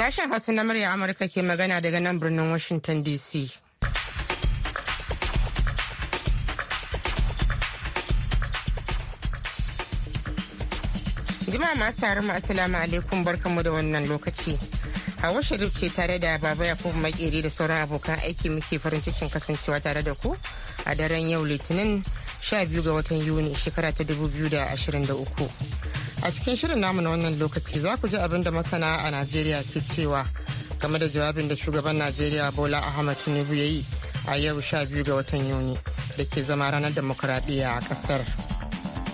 Sashen Hausa na murya Amurka ke magana daga nan birnin Washington DC. Jima masu ma asalamu alaikum barkanmu da wannan lokaci. Hawa Sharif ce tare da Baba Yakubu Makeri da sauran abokan aiki muke farin cikin kasancewa tare da ku a daren yau Litinin 12 ga watan Yuni shekara ta 2023. A cikin shirin namu na wannan lokaci za ku ji abin da masana a Najeriya ke cewa game da jawabin da shugaban Najeriya Bola Ahmad Tinubu ya yi a yau sha biyu ga watan Yuni da ke zama ranar demokuraɗiyya a ƙasar.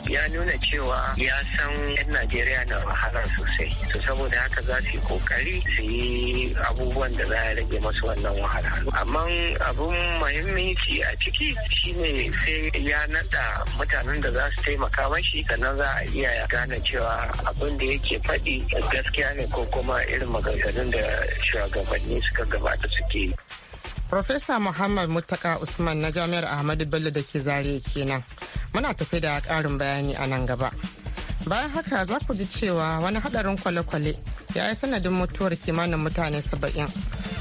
ya nuna cewa ya san 'yan najeriya na wahala sosai to saboda haka za su yi kokari su yi abubuwan da za a rage masu wannan wahala amma abun mahimmanci a ciki shine sai ya nada mutanen da za su taimaka mashi sannan za a iya gane cewa abin da yake faɗi gaskiya ne ko kuma irin maganganun da shugabanni suka gabata suke yi Profesa Muhammad Muttaka Usman na Jami'ar Ahmadu Bello da ke zare kenan. Muna tafi da ƙarin bayani a nan gaba. Bayan haka za ku ji cewa wani hadarin kwale-kwale ya yi sanadin mutuwar kimanin mutane saba'in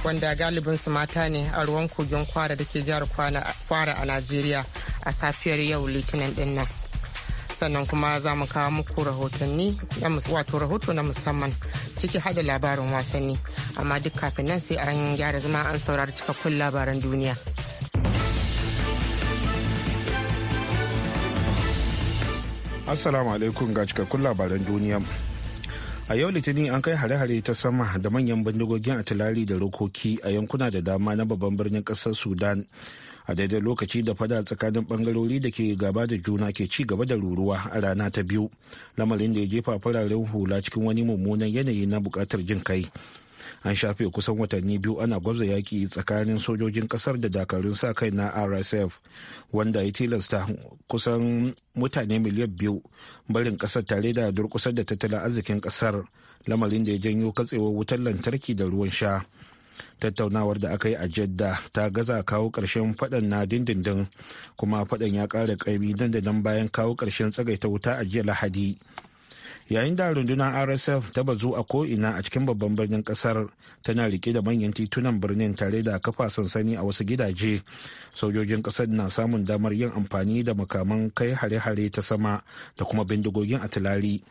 wanda galibin su mata ne a ruwan kogin kwara da ke jihar kwara a Najeriya a safiyar yau litinin dinnan. sannan kuma za mu kawo muku rahotanni wato rahoto na musamman ciki hada labarin wasanni amma duk kafin nan sai an gyara zama an saurari cikakkun labaran duniya assalamu alaikum ga cikakkun labaran duniya a yau litinin an kai hare-hare ta sama da manyan bindigogin atilari da rokoki a yankuna da dama na babban birnin kasar sudan a daidai lokaci da fada tsakanin bangarori da ke gaba da juna ke ci gaba da ruruwa a rana ta biyu lamarin da ya jefa fararen hula cikin wani mummunan yanayi na bukatar jin kai an shafe kusan watanni biyu ana gwabza yaki tsakanin sojojin kasar da dakarun sa kai na rsf wanda ya tilasta kusan mutane miliyan biyu barin kasar tare da durkusar da tattalin arzikin kasar lamarin da ya janyo katsewar wutar lantarki da ruwan sha tattaunawar da aka yi a jedda ta gaza kawo ƙarshen faɗan na dindindin kuma faɗan ya ƙara ƙaimi nan da nan bayan kawo ƙarshen tsagaita wuta a jiya lahadi yayin da rundunar rsf ta bazu a ko'ina a cikin babban birnin kasar tana rike da manyan titunan birnin tare da kafa sansani a wasu gidaje sojojin kasar na samun damar yin amfani da makaman kai hare-hare ta sama da kuma bindigogin atilari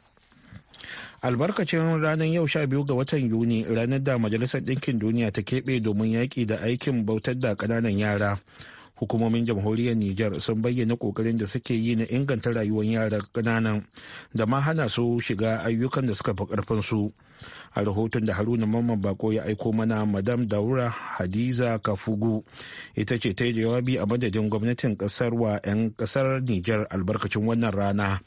albarkacin ranar yau sha biyu ga watan yuni ranar da majalisar ɗinkin duniya ta keɓe domin yaƙi da aikin bautar da ƙananan yara hukumomin jamhuriyar niger sun bayyana ƙoƙarin da suke yi na inganta rayuwar yara ƙananan da ma hana su shiga ayyukan da suka fi ƙarfin su a rahoton da haruna mamman bako ya aiko mana madam daura hadiza kafugu ita ce ta yi jawabi a madadin gwamnatin ƙasar wa 'yan ƙasar niger albarkacin wannan rana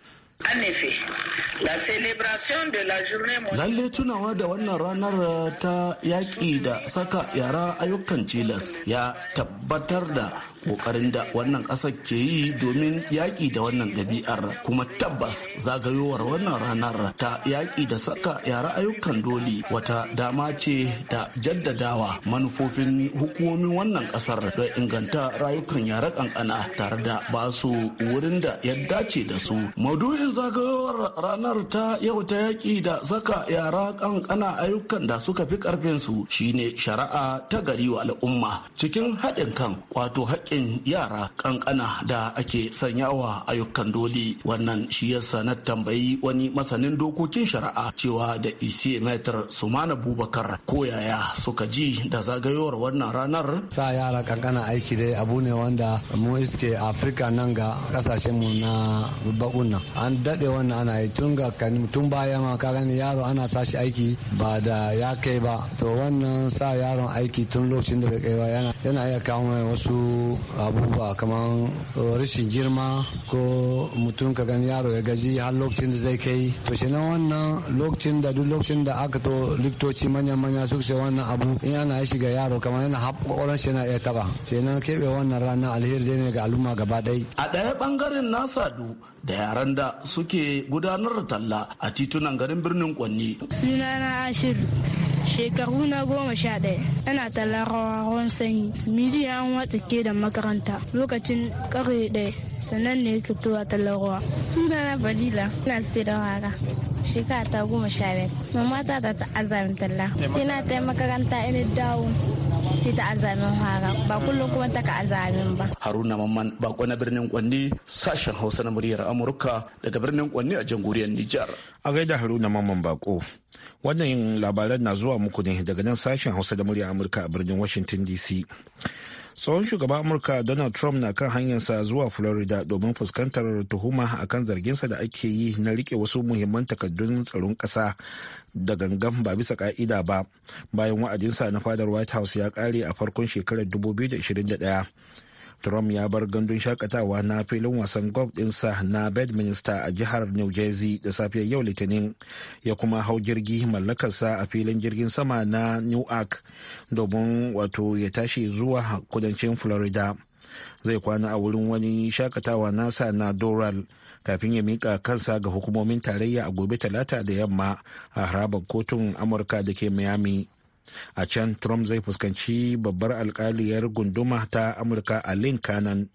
Lalle tunawa da wannan ranar eh, ta yaƙi da saka yara ayyukan tilas ya tabbatar da ƙoƙarin da wannan ƙasar ke yi domin yaƙi da wannan ɗabi'ar kuma tabbas zagayowar wannan ranar ta yaƙi da saka yara ayyukan doli wata dama ce da jaddadawa manufofin hukumomin wannan ƙasar da inganta rayukan yara ƙanƙana tare da ba su wurin da ya dace da su. Maudu'in zagayowar ranar ranar ta yau ta yaƙi da saka yara ƙanƙana ayyukan da suka fi ƙarfinsu shine shari'a ta gari wa al'umma cikin haɗin kan wato haƙƙin yara ƙanƙana da ake sanyawa ayyukan doli wannan shi yasa na tambayi wani masanin dokokin shari'a cewa da isi metar sumana bubakar ko yaya suka ji da zagayowar wannan ranar sa yara ƙanƙana aiki dai abu ne wanda mu iske afirka nan ga ƙasashenmu na bakun an daɗe wannan ana yi tun ga tun baya ma ka gani yaro ana sashi aiki ba da ya kai ba to wannan sa yaron aiki tun lokacin da bai kai ba yana yana iya kawo mai wasu abubuwa kamar rashin girma ko mutum ka gani yaro ya gaji har lokacin da zai kai to shi na wannan lokacin da duk lokacin da aka to liktoci manyan manya su ce wannan abu in yana ya shiga yaro kamar yana haƙoran shi yana iya taba sai na keɓe wannan rana alheri ne ga al'umma gaba ɗaya a ɗaya ɓangaren na sadu da yaran da suke gudanar talla a titunan garin birnin Kwanni. Sunana Ashiru. shekaru na goma sha ɗaya yana talarawa ruwan sanyi miji an ke da makaranta lokacin ƙarfe daya. sannan ne yake tuwa talarawa suna na balila na sai da wara shekara ta goma sha daya. mama ta ta azamin talla sai na ta makaranta ina dawo sai ta azamin haka ba kullum kuma ta ka azamin ba haruna mamman bako na birnin kwanni sashen hausa na muryar amurka daga birnin kwanni a jamhuriyar nijar a gaida haruna mamman bako wannan labaran na zuwa muku ne daga nan sashen hausa da muryar amurka a birnin washington dc tsohon shugaban amurka donald trump na kan hanyarsa zuwa florida domin fuskantar tuhuma akan zarginsa da ake yi na rike wasu muhimman takaddun tsaron kasa da gangan ba bisa ka'ida ba bayan wa'adinsa na fadar white house ya kare a farkon shekarar 2021 trump ya bar gandun shakatawa na filin wasan golf dinsa na bedminster a jihar new jersey da safiyar yau litinin ya kuma hau jirgi mallakarsa a filin jirgin sama na newark domin wato ya tashi zuwa kudancin florida zai kwana a wurin wani shakatawa nasa na doral kafin ya mika kansa ga hukumomin tarayya a gobe talata da yamma a harabar kotun amurka da ke miami a can trump zai fuskanci babbar alkaliyar gunduma ta amurka a Lincoln.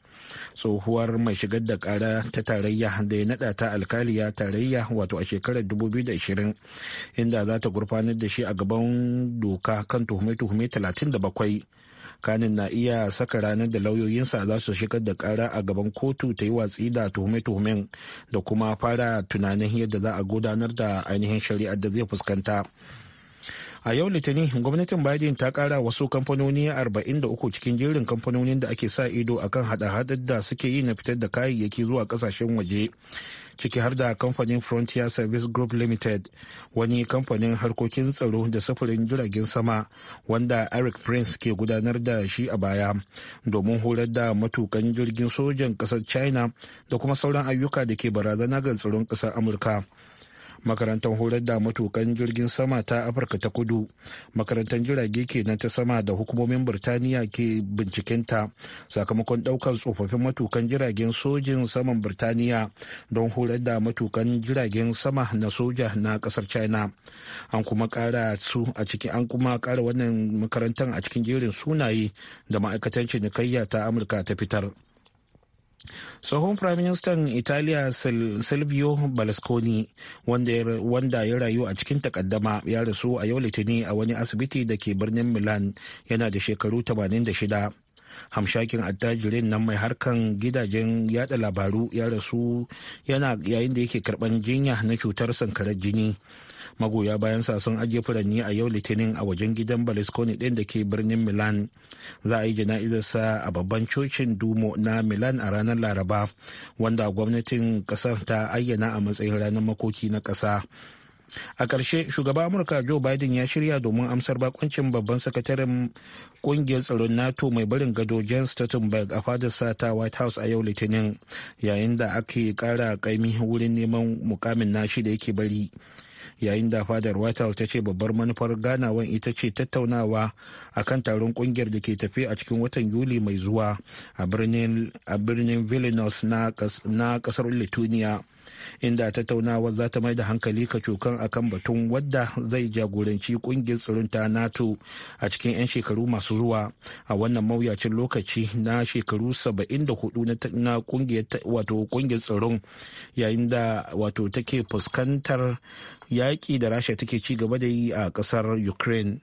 tsohuwar mai shigar da kara ta tarayya da ya nada ta alkaliya tarayya wato a shekarar 2020 inda za ta gurfanar da shi a gaban doka kan tuhume-tuhume 37 kanin na iya saka ranar da lauyoyinsa za su shigar da kara a gaban kotu ta yi watsi da tuhume-tuhumen da kuma fara tunanin yadda za a gudanar da ainihin shari'ar da zai fuskanta a yau litinin gwamnatin biden ta kara wasu kamfanoni 43 cikin jerin kamfanonin da ake sa ido akan hada-hadar da suke yi na fitar da kayayyaki zuwa kasashen waje ciki har da kamfanin frontier service group limited wani kamfanin harkokin tsaro da sufurin jiragen sama wanda eric prince ke gudanar da shi a baya domin horar da matukan jirgin sojan kasar china da kuma sauran ayyuka da ke barazana ga tsaron kasar amurka makarantar horar da matukan jirgin sama ta afirka ta kudu makarantar jirage kenan ta sama da hukumomin birtaniya ke binciken ta sakamakon daukar tsofaffin matukan jiragen sojin saman birtaniya don horar da matukan jiragen sama na soja na kasar china an kuma kara su a cikin an kuma kara wannan makarantar a cikin jerin sunaye da ma'aikatan cinikayya ta amurka ta fitar tsohon firaministan italiya silvio berlusconi wanda ya rayu a cikin takaddama ya rasu a yau litinin a wani asibiti da ke birnin milan yana da shekaru 86 hamshakin attajirin nan mai harkan gidajen yada labaru ya rasu yana yayin da yake karban jinya na cutar sankarar jini magoya bayan sa sun ajiye furanni a yau litinin a wajen gidan berlusconi ɗin da ke birnin milan za a yi jana'izarsa a babban cocin dumo na milan a ranar laraba wanda gwamnatin ƙasar ta ayyana a matsayin ranar makoki na ƙasa a ƙarshe shugaban amurka joe biden ya shirya domin amsar bakoncin babban sakataren kungiyar tsaron nato mai barin gado jens stoltenberg a fadarsa sata white house a yau litinin yayin da ake ƙara ƙaimi wurin neman mukamin nashi da yake bari yayin da fadar white house ta ce babbar manufar ganawan ita ce tattaunawa a kan taron kungiyar da ke tafi a cikin watan yuli mai zuwa a birnin vilnius na kasar lithuania inda tattaunawa za ta mai da hankali a kan batun wadda zai jagoranci kungiyar tsaron ta nato a cikin 'yan shekaru masu zuwa a wannan mawuyacin lokaci na shekaru 74 na kungiyar tsaron yayin da wato take fuskantar yaƙi da rasha take ci gaba da yi a ƙasar ukraine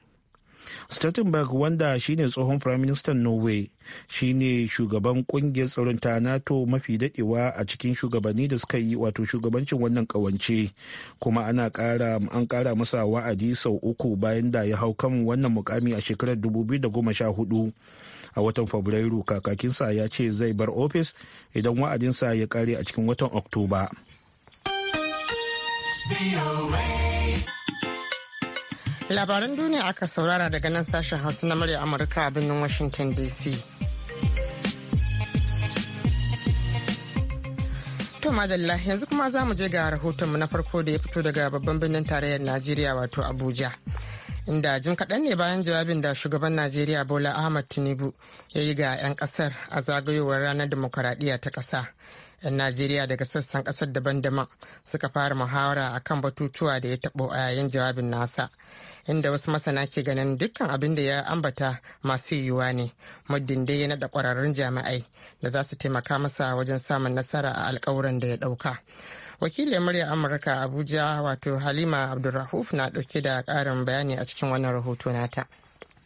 Stoltenberg wanda shine tsohon firaministan Norway shine shugaban kungiyar tsaron ta NATO mafi dadewa a cikin shugabanni da suka yi wato shugabancin wannan kawance kuma ana kara an kara masa wa'adi sau uku bayan da ya hau kan wannan mukami a shekarar 2014 a watan Fabrairu kakakinsa ya ce zai bar ofis idan wa'adinsa ya kare a cikin watan Oktoba. Labaran duniya aka saurara daga nan sashen Hausa na murya Amurka a birnin Washington DC. To madalla yanzu kuma za mu je ga rahotonmu na farko da ya fito daga babban birnin tarayyar Najeriya wato Abuja. Inda jim kaɗan ne bayan jawabin da shugaban Najeriya Bola Ahmad Tinubu ya yi ga 'yan ƙasar a zagayowar ranar demokaradiyya ta ƙasa. 'yan najeriya daga sassan kasar daban-daban suka fara muhawara a kan batutuwa da ya taɓo a yayin jawabin nasa inda wasu masana ke ganin dukkan abin da ya ambata masu yiwuwa ne muddin dai ya naɗa ƙwararrun jami'ai da za su taimaka masa wajen samun nasara a alkawuran da ya ɗauka wakilin murya amurka abuja wato halima abdulrahuf na ɗauke da ƙarin bayani a cikin wannan rahoto nata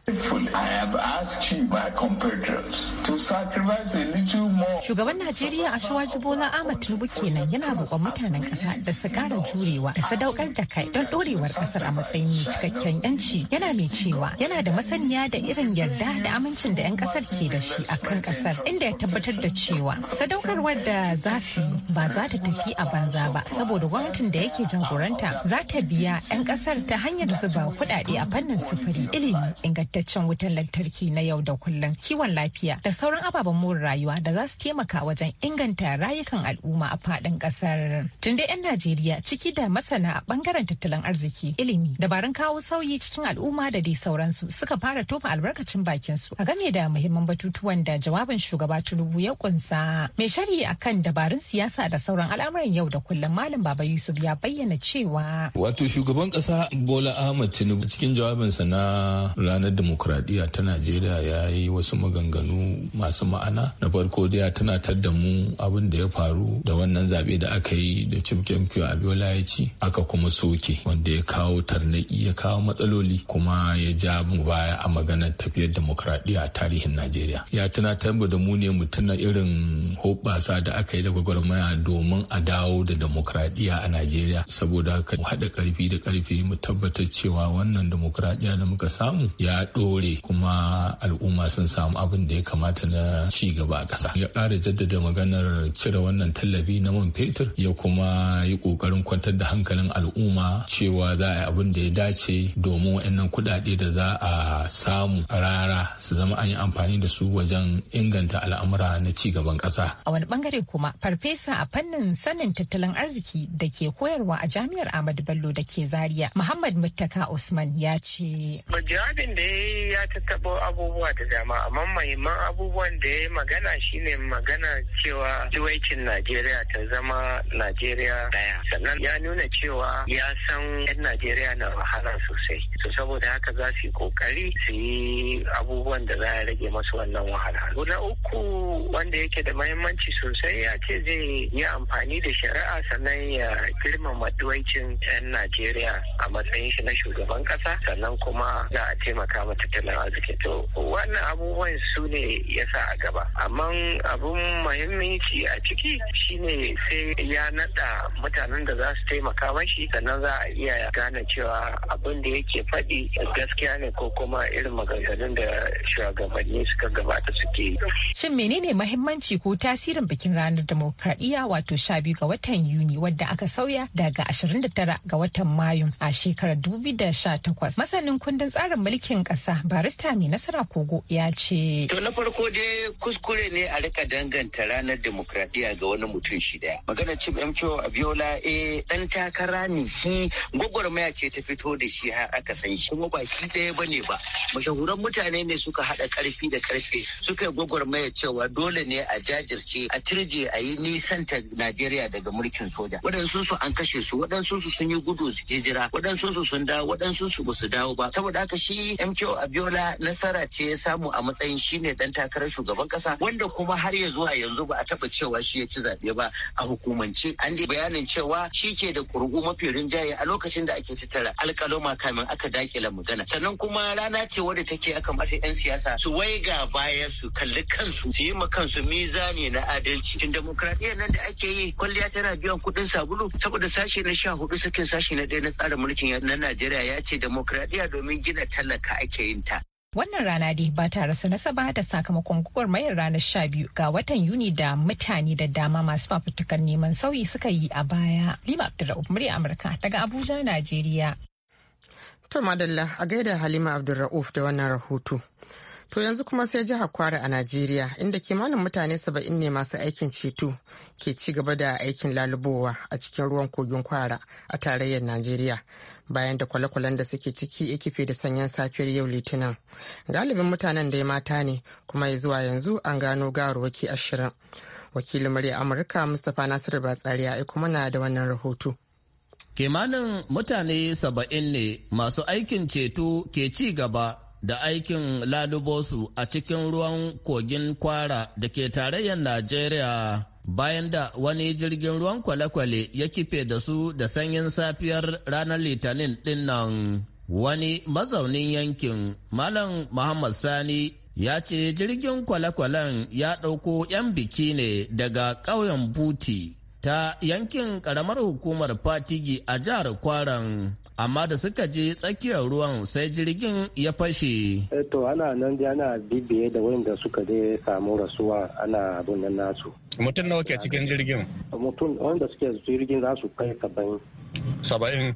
Shugaban Najeriya Ashwaju Bola Ahmad Tinubu kenan yana roƙon mutanen ƙasa da su ƙara jurewa da sadaukar da kai don ɗorewar ƙasar a matsayin mai cikakken yanci yana mai cewa yana da masaniya da irin yarda da amincin da 'yan ƙasar ke da shi a kan ƙasar inda ya tabbatar da cewa sadaukarwar da za su yi ba za ta tafi a banza ba saboda gwamnatin da yake jagoranta za ta biya 'yan ƙasar ta hanyar zuba kuɗaɗe a fannin sufuri ilimi inganta wadataccen wutar lantarki na yau da kullum kiwon lafiya da sauran ababen more rayuwa da za su taimaka wajen inganta rayukan al'umma a faɗin ƙasar. Tun dai 'yan Najeriya ciki da masana a bangaren tattalin arziki, ilimi, dabarun kawo sauyi cikin al'umma da dai sauransu suka fara tofa albarkacin bakin su a game da muhimman batutuwan da jawabin shugaba Tinubu ya kunsa. Mai sharhi akan dabarun siyasa da sauran al'amuran yau da kullum Malam Baba Yusuf ya bayyana cewa. Wato shugaban kasa Bola Ahmad Tinubu cikin jawabinsa na ranar demokuraɗiyya ta najeriya ya yi wasu maganganu masu ma'ana na farko dai tana tunatar da mu abin da ya faru da wannan zaɓe da aka yi da chief jamkiyo abiola ya ci aka kuma soke wanda ya kawo tarnaki ya kawo matsaloli kuma ya ja mu baya a maganar tafiyar demokuraɗiyya a tarihin najeriya ya tunatar da mu ne mu tuna irin hoɓɓasa da aka yi da gwagwarmaya domin a dawo da demokuraɗiyya a najeriya saboda haka haɗa ƙarfi da ƙarfi mu tabbatar cewa wannan demokuraɗiyya da muka samu ya ɗore kuma al'umma sun samu abin da ya kamata na ci gaba a ƙasa ya ƙara jaddada maganar cire wannan tallafi na man fetur ya kuma yi ƙoƙarin kwantar da hankalin al'umma cewa za a yi abin da ya dace domin waɗannan kuɗaɗe da za a samu rara su zama an yi amfani da su wajen inganta al'amura na ci gaban ƙasa a wani bangare kuma farfesa a fannin sanin tattalin arziki da ke koyarwa a jami'ar Ahmadu Bello da ke Zaria Muhammad Muttaka Usman ya ce. Jawabin da ya dai ya tattaɓo abubuwa da dama amma mahimman abubuwan da ya magana shine magana cewa tuwaicin najeriya ta zama najeriya daya sannan ya nuna cewa ya san yan najeriya na wahala sosai so saboda haka za su yi kokari su yi abubuwan da za a rage masu wannan wahala na uku wanda yake da mahimmanci sosai ya ce zai yi amfani da shari'a sannan ya girmama tuwaicin yan najeriya a matsayin shi na shugaban kasa sannan kuma za a taimaka wa arziki to wannan abubuwan su ne ya sa a gaba amma abun muhimmanci a ciki shine sai ya nada mutanen da za su taimaka mashi sannan za a iya gane cewa abin da yake faɗi gaskiya ne ko kuma irin maganganun da shugabanni suka gabata suke shin menene mahimmanci ko tasirin bikin ranar demokradiyya wato sha biyu ga watan yuni wadda aka sauya daga 29 ga watan mayu a shekarar 2018 masanin kundin tsarin mulkin ƙasa ƙasa barista mai nasara kogo ya ce. To na farko dai kuskure ne a rika danganta ranar demokradiyya ga wani mutum shi daya. Magana Chief MKO Abiola eh, ɗan dan takara ne shi gwagwarmaya ce ta fito da shi har aka san shi kuma ba shi ɗaya ba ba. Mashahuran mutane ne suka haɗa ƙarfi da ƙarfe suka yi gwagwarmaya cewa dole ne a jajirce a tirje a yi nisan ta Najeriya daga mulkin soja. Waɗansu su an kashe su waɗansu su sun yi gudu suke jira waɗansu su sun dawo waɗansu su ba su dawo ba saboda haka shi MKO Abiola nasara ce ya samu a matsayin shine dan takarar shugaban kasa wanda kuma har ya zuwa yanzu ba a taba cewa shi ya ci zaɓe ba a hukumance an yi bayanin cewa shi ke da kurgu mafi rinjaye a lokacin da ake tattara alƙaloma kamin aka dakila magana sannan kuma rana ce wadda take akamata kamata 'yan siyasa su waiga baya su kalli kansu su yi ma kansu mizani na adalci cikin demokradiyyar nan da ake yi kwalliya tana biyan kuɗin sabulu saboda sashe na sha hudu sakin sashe na ɗaya na tsarin mulkin na Najeriya ya ce demokradiyya domin gina talaka ake yin ta. Wannan rana dai ba ta rasa nasaba da sakamakon gwagwarmayar ranar sha biyu ga watan Yuni da mutane da dama masu fafutukar neman sauyi suka yi a baya. Lima Abdulrahman murya Amurka daga Abuja, Najeriya. To madalla a gaida Halima Abdulra'uf da wannan rahoto. To yanzu kuma sai jihar Kwara a Najeriya inda kimanin mutane saba'in ne masu aikin ceto ke ci gaba da aikin lalubowa a cikin ruwan kogin Kwara a tarayyar Najeriya. bayan da kwale-kwalen da suke ciki ikifi, da sanyan safiyar yau litinin galibin mutanen da ya mata ne kuma ya zuwa yanzu an gano gawarwaki ashirin wakilin murya amurka mustapha nasiru tsari ya aiko mana da wannan rahoto kimanin mutane saba'in ne masu aikin ceto ke ci gaba da aikin lalubosu a cikin ruwan kogin kwara da ke tarayyar najeriya bayan da wani jirgin ruwan kwale-kwale ya kife da su da sanyin safiyar ranar litinin dinnan, wani mazaunin yankin malam muhammad sani ya ce jirgin kwale-kwalen ya ɗauko 'yan biki ne daga ƙauyen buti ta yankin ƙaramar hukumar fatigi a jihar kwaran amma da suka je tsakiyar ruwan sai jirgin ya fashe. Eh, to ana nan da ana bibiye da wanda suka je samu rasuwa ana abun nan nasu mutum nawa ke cikin jirgin mutum wanda suke jirgin za su kai saba'in saba'in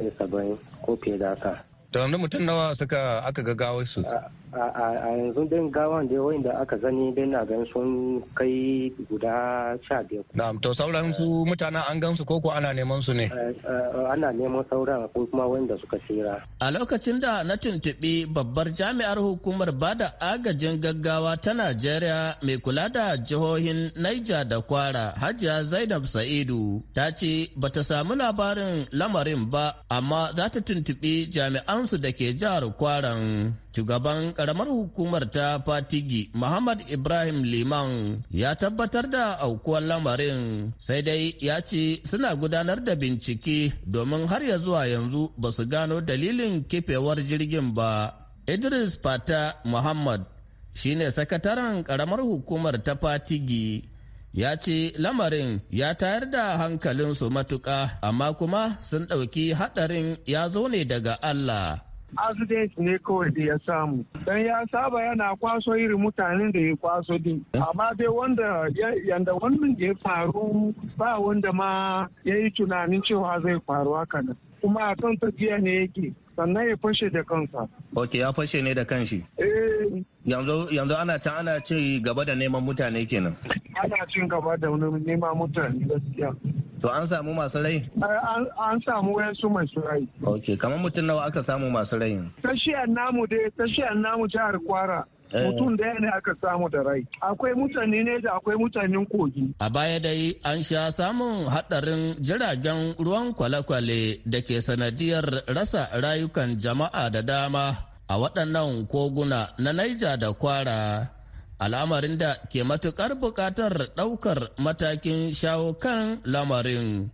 eh, saba'in ko fiye da haka to mutum nawa suka aka gaggawa su ah, a yanzu din gawan da wayan da aka zani din na gan sun kai guda sha biyar. Na'am to sauran su mutanen an gan su koko ana neman su ne? Eh, eh, ana neman sauran ko kuma wanda suka tsira. A lokacin da na tuntuɓi babbar jami'ar hukumar bada agajin gaggawa ta Najeriya mai kula da jihohin Niger da Kwara Hajiya Zainab Sa'idu ta ce ba ta samu labarin lamarin ba amma za ta tuntuɓi jami'ansu da ke jihar Kwaran. Shugaban karamar hukumar ta Fatigi Muhammad Ibrahim Liman ya tabbatar da aukuwan lamarin sai dai ya ce suna gudanar da bincike domin har ya zuwa yanzu ba su gano dalilin kifewar jirgin ba. Idris Fata Muhammad shine sakataren karamar hukumar ta Fatigi ya ce lamarin ya tayar da hankalinsu matuƙa amma kuma sun ɗauki haɗarin ya zo ne daga Allah. accident ne kawai da ya samu dan ya saba yana kwaso irin mutanen da ya kwaso din amma dai wanda yanda wannan ya faru ba wanda ma ya yi tunanin cewa zai faru haka nan kuma a kan tafiya ne yake sannan ya fashe da kansa ok ya fashe ne da kanshi eh. yanzu ana can ana ci gaba da neman mutane kenan ana cin gaba da neman mutane gaskiya To an samu masu rai? An samu wayansu masu rai. Ok, kamar mutum nawa aka samu masu rai? Tashiyar namu dai, tashiyar namu jihar Kwara. Eh. Mutum daya ne aka samu da rai. Akwai mutane ne da akwai mutanen kogi. A baya dai an sha samun hadarin jiragen ruwan kwale-kwale da ke sanadiyar rasa rayukan jama'a da dama a waɗannan koguna na Naija da Kwara. al'amarin da ke matukar buƙatar ɗaukar matakin shawo kan lamarin.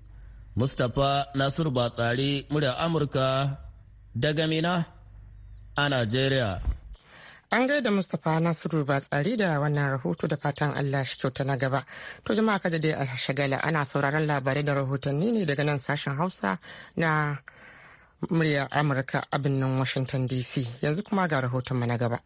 Mustapha Nasiru Batsari, murya Amurka daga Mina a Najeriya. An gaida Mustapha Nasiru Batsari da wannan rahoto da fatan Allah shi kyauta na gaba. To jama'a ka dai a shagala ana sauraron labarai da rahotanni ne daga nan sashen Hausa na murya Amurka a birnin Washington DC. Yanzu kuma ga rahoton na gaba.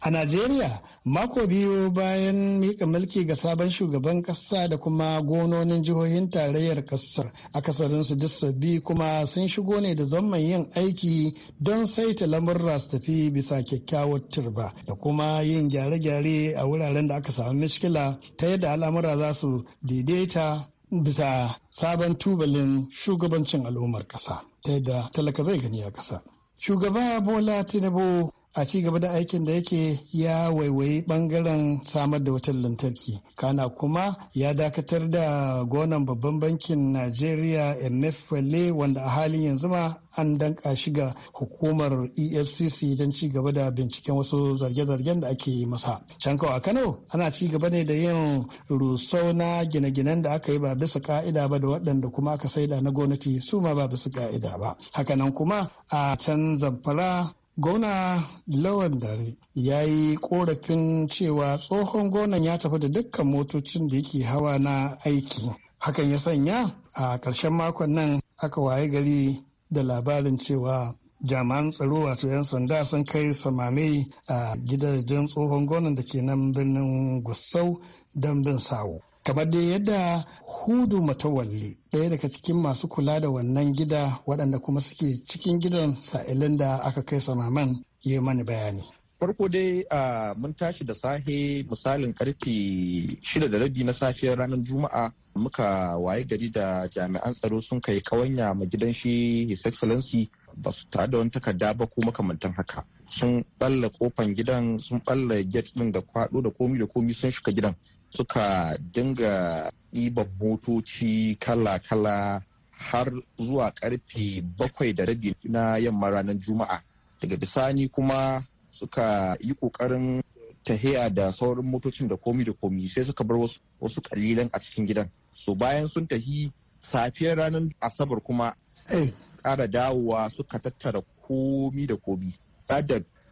A Najeriya, mako biyu bayan mika mulki ga sabon shugaban ƙasa da kuma gononin jihohin tarayyar ƙasar, kasarinsu su sabbi kuma sun shigo ne da zaman yin aiki don saita lamurra su tafi bisa kyakkyawar turba da kuma yin gyare-gyare a wuraren da aka samu mishkila ta yadda al'amura za su daidaita bisa sabon tubalin shugabancin al'ummar kasa. ta yadda talaka zai gani a ƙasa. Shugaba Bola Tinubu a ci gaba da aikin da yake ya waiwayi bangaren samar da wutar lantarki kana kuma ya dakatar da gonan babban bankin najeriya nfla wanda a halin yanzu ma an danka shi ga hukumar efcc don ci gaba da binciken wasu zarge-zargen da ake masa can a kano ana ci gaba ne da yin rusau na gine-ginen da aka yi ba bisa ka'ida ba da waɗanda kuma aka saida na gwamnati su ma ba bisa ka'ida ba hakanan kuma a can zamfara Gona Lawan Dare ya yi korafin cewa tsohon gonan ya tafi da dukkan motocin da yake hawa na aiki. Hakan ya sanya a ƙarshen makon nan aka waye gari da labarin cewa jami'an tsaro wato 'yan sanda sun kai samame a gidajen tsohon gonan da ke nan birnin Gusau don bin sawo. kamar dai yadda hudu matawalli ɗaya daga cikin masu kula da wannan gida waɗanda kuma suke cikin gidan sa'ilin da aka kai samaman yi mani bayani farko dai a mun tashi da sahe misalin karfe shida da rabi na safiyar ranar juma'a muka waye gari da jami'an tsaro sun kai kawanya ma gidan shi his excellency ba su tare da wani takarda ba ko makamantan haka sun balla kofan gidan sun balla gate din da kwado da komi da komi sun shiga gidan suka dinga ɗiban motoci kala-kala har zuwa karfe bakwai da rabi na yamma ranar juma'a daga bisani kuma suka yi ƙoƙarin tahiya da sauran motocin da komi da komi sai suka bar wasu ƙalilan a cikin gidan so bayan sun tahi safiyar ranar asabar kuma eh. ƙara dawowa suka tattara komi da komi da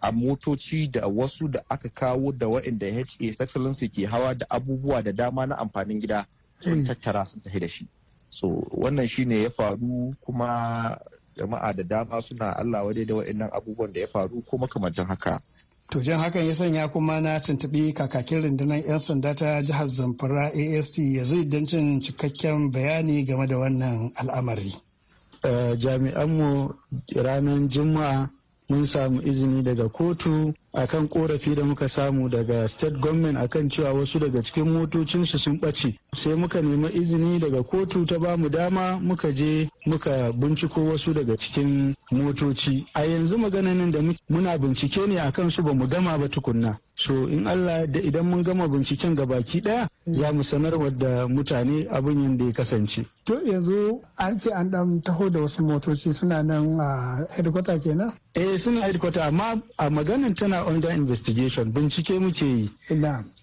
a motoci da wasu da aka kawo da waɗanda HA's excellency ke hawa da abubuwa da dama na amfanin gida sun eh. tattara sun tafi da shi. So wannan shine ya faru kuma jama'a da dama suna Allah wade da nan abubuwan da ya faru ko makamantan haka. To jan hakan ya sanya kuma na tuntuɓi kakakin rundunar 'yan sanda ta jihar Zamfara AST ya zai dancin cikakken bayani game da wannan al'amari. Eh, jami'an mu ranar Juma'a mun samu izini daga kotu akan korafi da muka samu daga state government akan cewa wasu daga cikin motocinsu sun ɓace sai muka nemi izini daga kotu ta ba mu dama muka je muka binciko wasu daga cikin motoci a yanzu maganan da muna bincike ne a kan su ba mu gama ba tukunna so in allah da idan mun gama binciken gabaki daya za mu sanar da mutane abin yadda ya kasance to yanzu an ce an dan taho da wasu motoci suna nan a headquarter kenan eh suna headquarter amma a maganin tana under investigation bincike muke yi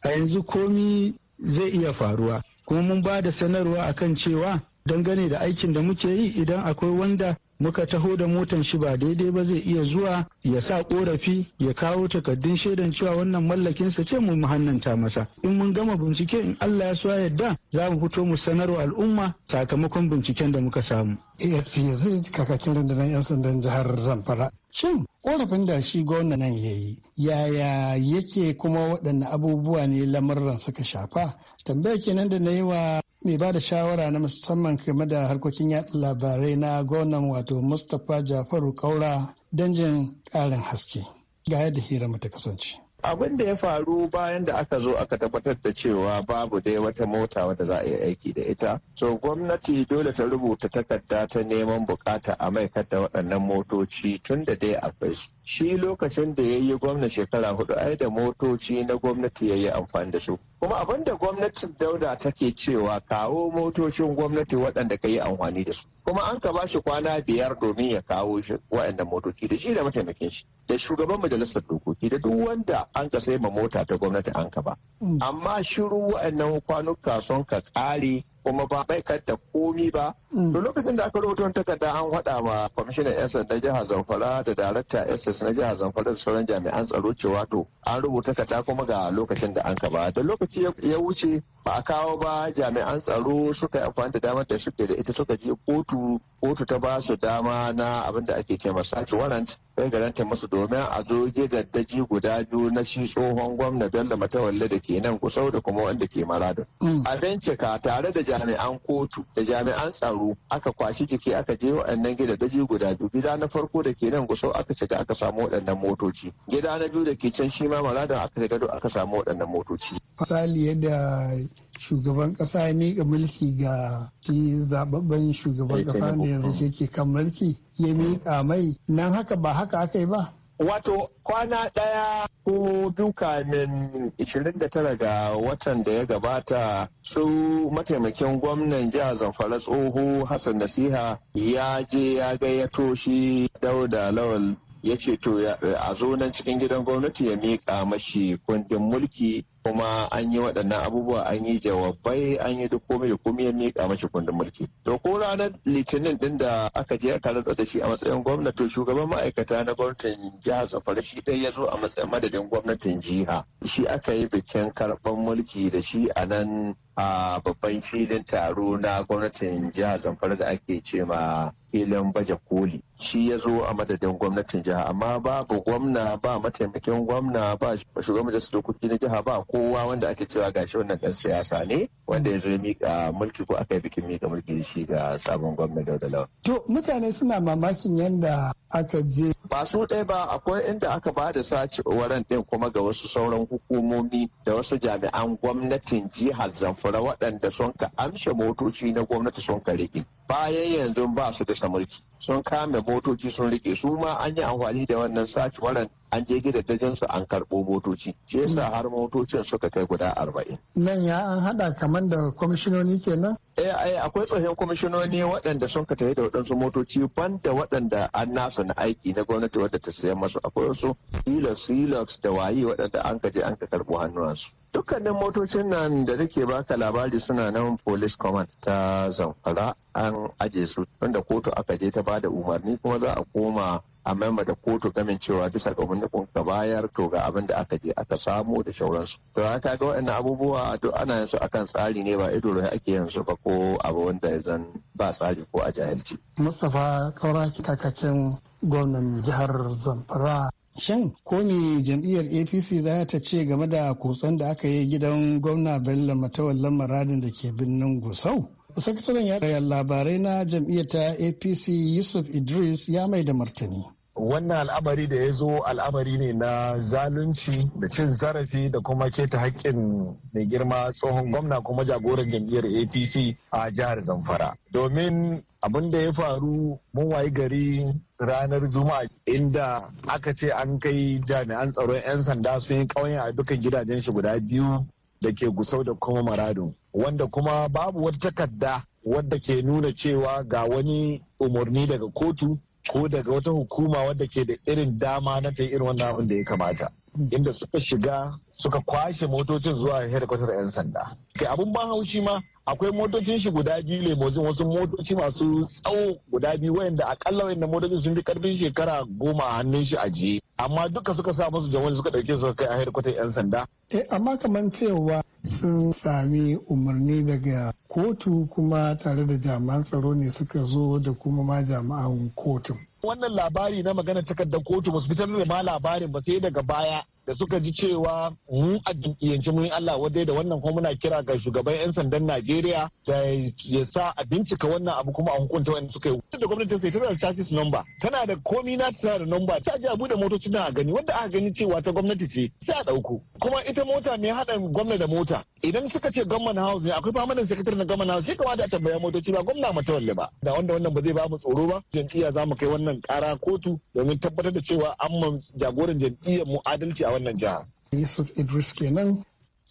a yanzu komi zai iya faruwa kuma mun ba da sanarwa akan cewa dangane da aikin da muke yi idan akwai wanda muka taho da motan shi ba daidai ba zai iya zuwa ya sa korafi ya kawo takardun shaidan cewa wannan mallakinsa ce mu muhannanta masa in mun gama bincike in Allah ya so yadda za mu fito mu sanarwa al'umma sakamakon binciken da muka samu ASP zai kakakin rundunar 'yan sandan jihar Zamfara shin korafin da shi gwamnan ya yi yaya yake kuma waɗanne abubuwa ne lamarran suka shafa tambaya kenan da na yi wa mai ba da shawara na musamman game da harkokin yaɗa labarai na gwamnan wato mustapha jafaru kaura danjin ƙarin haske ga yadda hira mata kasance abin da ya faru bayan da aka zo aka tabbatar da cewa babu dai wata mota wadda za a yi aiki da ita so gwamnati dole ta rubuta takarda ta neman bukata a mai da waɗannan motoci tun da dai akwai su shi lokacin da ya yi gwamna shekara hudu ai da motoci na gwamnati ya yi amfani da su kuma abin da gwamnatin dauda take cewa kawo motocin gwamnati waɗanda ka yi amfani da su kuma an ka ba shi kwana biyar domin ya kawo waɗanda motoci da shi da mataimakin shi da shugaban majalisar dokoki da duk wanda an ka sai ma mota ta gwamnati an ka ba mm. amma shiru waɗannan kwanuka sun ka ƙare kuma ba bai kanta komi ba. Mm. To lokacin da aka rubuta wani takarda an haɗa ma kwamishinan 'yan sanda jihar Zamfara da darakta SS na jihar Zamfara da sauran jami'an tsaro cewa to an rubuta takarda kuma ga lokacin da an ka ba. Da lokaci ya wuce ba a kawo ba jami'an tsaro suka yi amfani da damar da suke da ita suka je kotu kotu ta ba su dama na abin da ake kema sake warrant bai garanta musu domin a zo daji guda biyu na shi tsohon gwamna bello matawalle da ke nan kusau da kuma wanda ke maradun. Mm. a bincika tare da jami'an kotu da jami'an tsaro aka kwashi jiki aka je waɗannan daji guda biyu gida na farko da ke nan kusau aka shiga aka samu waɗannan motoci gida na biyu da ke can shi ma aka shiga aka samu waɗannan motoci. misali yadda shugaban kasa ya miƙa mulki ga shi zababben shugaban eh, kasa. ne yanzu shi ke kan mulki ya miƙa mai nan haka ba haka aka yi ba Wato kwana ɗaya ko duka min 29 ga watan da ya gabata su mataimakin gwamnan jihar Zamfara tsoho Hassan Nasiha ya je ya gayyato shi dauda lawal ya ce to a zo nan cikin gidan gwamnati ya miƙa mashi kundin mulki kuma an yi waɗannan abubuwa an yi jawabai an yi duk komai da komai ya miƙa mashi kundin mulki to ko ranar litinin din da aka je aka rantsar da shi a matsayin gwamna to shugaban ma'aikata na gwamnatin jihar zamfara shi ɗaya ya zo a matsayin madadin gwamnatin jiha shi aka yi bikin karɓar mulki da shi a nan a babban filin taro na gwamnatin jiha zamfara da ake ce ma filin baje koli shi ya zo a madadin gwamnatin jiha amma babu gwamna ba mataimakin gwamna ba shugaban majalisar dokoki na jiha ba kowa wanda ake cewa gashi wannan dan siyasa ne wanda ya zo ya mika mulki ko aka yi bikin mika mulki shi ga sabon gwamnati Dauda Lawan. To mutane suna mamakin yadda aka je ba su ɗaya ba akwai inda aka ba da sace waran ɗin kuma ga wasu sauran hukumomi da wasu jami'an gwamnatin jihar zamfara waɗanda sun ka amshe motoci na gwamnati sun ka rike bayan yanzu ba su da samarki, sun kame motoci sun rike su ma an yi amfani da wannan sace waran an je gidajen su an karɓo motoci shi yasa har motocin suka kai guda arba'in. nan ya an haɗa kamar da kwamishinoni kenan. eh akwai tsohon kwamishinoni waɗanda sun ka tafi da waɗansu motoci banda waɗanda an nasa su na aiki na gwamnati wadda ta sayan masu akwai wasu hilux hilux da waye waɗanda an kaje an ka karɓo hannuwansu dukkanin motocin nan da nake baka labari suna nan police command ta zamfara an aje su wanda kotu aka je ta bada umarni kuma za a koma a maima da kotu gamin cewa bisa ga wani ka bayar to ga abin da aka je aka samu da shauransu to ka ga waɗannan abubuwa duk ana yin su akan tsari ne ba ido ake yin su ba ko abu wanda ya zan ba tsari ko a jahilci mustapha kaura kakakin gwamnan jihar zamfara Shin ko me jam'iyyar APC za ta ce game da kutsen da aka yi gidan gwamna Bello Matawallan Maradin da ke birnin Gusau? sakataren yaɗa labarai na jam'iyyar ta apc yusuf idris ya mai da martani wannan al'amari da ya zo al'amari ne na zalunci da cin zarafi da kuma keta haƙƙin mai girma tsohon gwamna kuma jagoran jam'iyyar apc a jihar zamfara domin abin da ya faru mun wayi gari ranar juma'a inda aka ce an kai jami'an tsaron 'yan sanda sun yi ƙauyen a dukkan gidajen shi guda biyu da ke gusau da kuma maradun wanda kuma babu wata takarda wadda ke nuna cewa ga wani umarni daga kotu ko daga wata hukuma wadda ke da irin dama na ta irin wannan abin da ya kamata hmm. inda suka shiga suka kwashe motocin zuwa hedikwatar 'yan sanda kai abun ban haushi ma akwai motocin shi guda biyu lemozin wasu motoci masu tsawo guda biyu wayanda akalla wayanda motocin sun bi karfin shekara goma a hannun shi ajiye amma duka suka sa musu jawon suka dauke su kai a hedikwatar 'yan sanda eh amma kamar cewa sun sami umarni daga kotu kuma tare da jami'an tsaro ne suka zo da kuma ma jami'an kotun wannan labari na magana takardar kotu musu fitar da ma labarin ba sai daga baya da suka ji cewa mu a jam'iyyance mun Allah wadai da wannan kuma muna kira ga shugaban 'yan sandan Najeriya da ya sa a bincika wannan abu kuma a hukunta wani suka yi. Da gwamnatin sai tana da chassis number tana da komi na tana da number ta ji abu da motocin a gani wanda aka gani cewa ta gwamnati ce sai a ɗauko. Kuma ita mota ne haɗa gwamna da mota idan suka ce gwamnan house ne akwai famanin sakatare na gwamnan house shi Kama a tambaya motoci ba gwamna matawalle ba. Da wanda wannan ba zai ba mu tsoro ba jam'iyya za mu kai wannan kara kotu domin tabbatar da cewa an jagoran jam'iyyar mu adalci a wannan jiha. Yusuf Idris kenan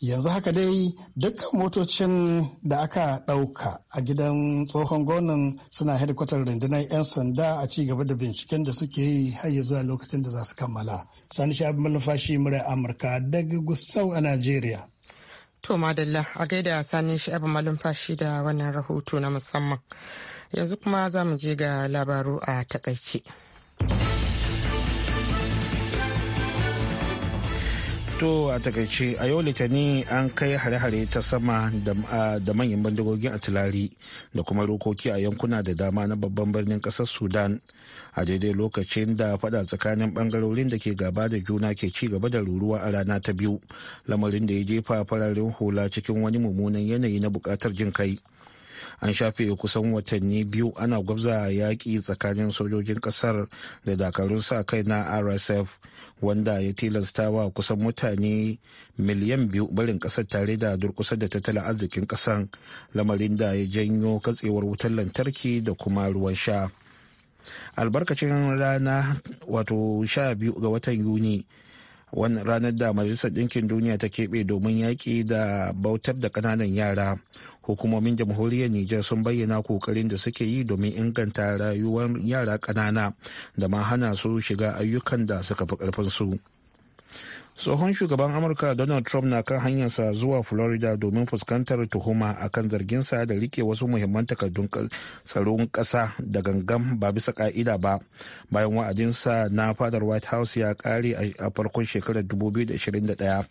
yanzu haka dai dukkan motocin da aka ɗauka a gidan tsohon gwamnan suna hedikwatar rundunar 'yan sanda a ci gaba da binciken da suke yi har zuwa lokacin da za su kammala. Sani shi abin mura murai Amurka daga Gusau a Najeriya. To Madalla a gaida Sani shi abin Malumfashi da wannan rahoto na musamman. Yanzu kuma za mu je ga labaru a takaice. To a takaice a yau litani an kai hare-hare ta sama da manyan a tulari da kuma rokoki a yankuna da dama na babban birnin kasar Sudan a daidai lokacin da fada tsakanin bangarorin da ke gaba da juna ke ci gaba da ruruwa a rana ta biyu lamarin da ya jefa fararen hula cikin wani mummunan yanayi na bukatar jin kai. an shafe kusan watanni biyu ana gwabza yaƙi tsakanin sojojin ƙasar da dakarun sa kai na rsf wanda ya tilasta wa kusan mutane miliyan biyu barin ƙasar tare da durkusa da tattalin arzikin ƙasar lamarin da ya janyo katsewar wutar lantarki da kuma ruwan sha albarkacin rana wato sha biyu ga watan yuni wannan ranar da majalisar ɗinkin duniya ta keɓe domin yaƙi da bautar da ƙananan yara hukumomin jamhuriyar nijar sun bayyana ƙoƙarin da suke yi domin inganta rayuwar yara ƙanana da ma hana su shiga ayyukan da suka fi ƙarfinsu tsohon shugaban amurka donald trump na kan hanyarsa zuwa florida domin fuskantar tuhuma akan zarginsa da rike wasu muhimman takardun tsaron kasa da gangan ba bisa ka'ida ba bayan wa'adinsa na fadar white house ya kare a farkon shekarar 2021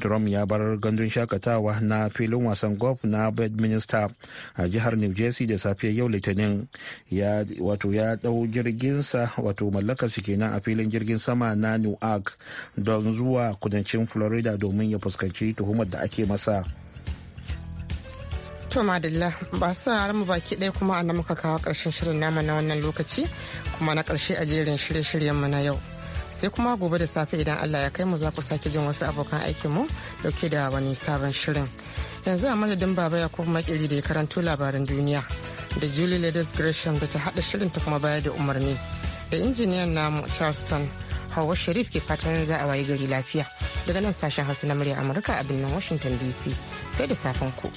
trump ya bar gandun shakatawa na filin wasan golf na bedminster a jihar new jersey da safiya yau litinin ya wato ya dau jirginsa wato mallakar shi kenan a filin jirgin sama na newark don zuwa kudancin florida domin ya fuskanci tuhumar da ake masa to madalla ba sauraron mu baki ɗaya kuma a muka kawo karshen shirin nama na wannan lokaci kuma na ƙarshe a jerin shirye-shiryen mu na yau sai kuma gobe da safe idan allah ya kai mu za ku sake jin wasu abokan aikinmu dauke da wani sabon shirin yanzu a madadin baba ya kuma makiri da ya karanto labaran duniya da julie ladies gresham da ta hada shirin ta kuma bayar da umarni da injiniyan namu charleston hawa sharif ke fatan za a wayi gari lafiya daga nan sashen hausa na murya amurka a birnin washington dc sai da safen ku.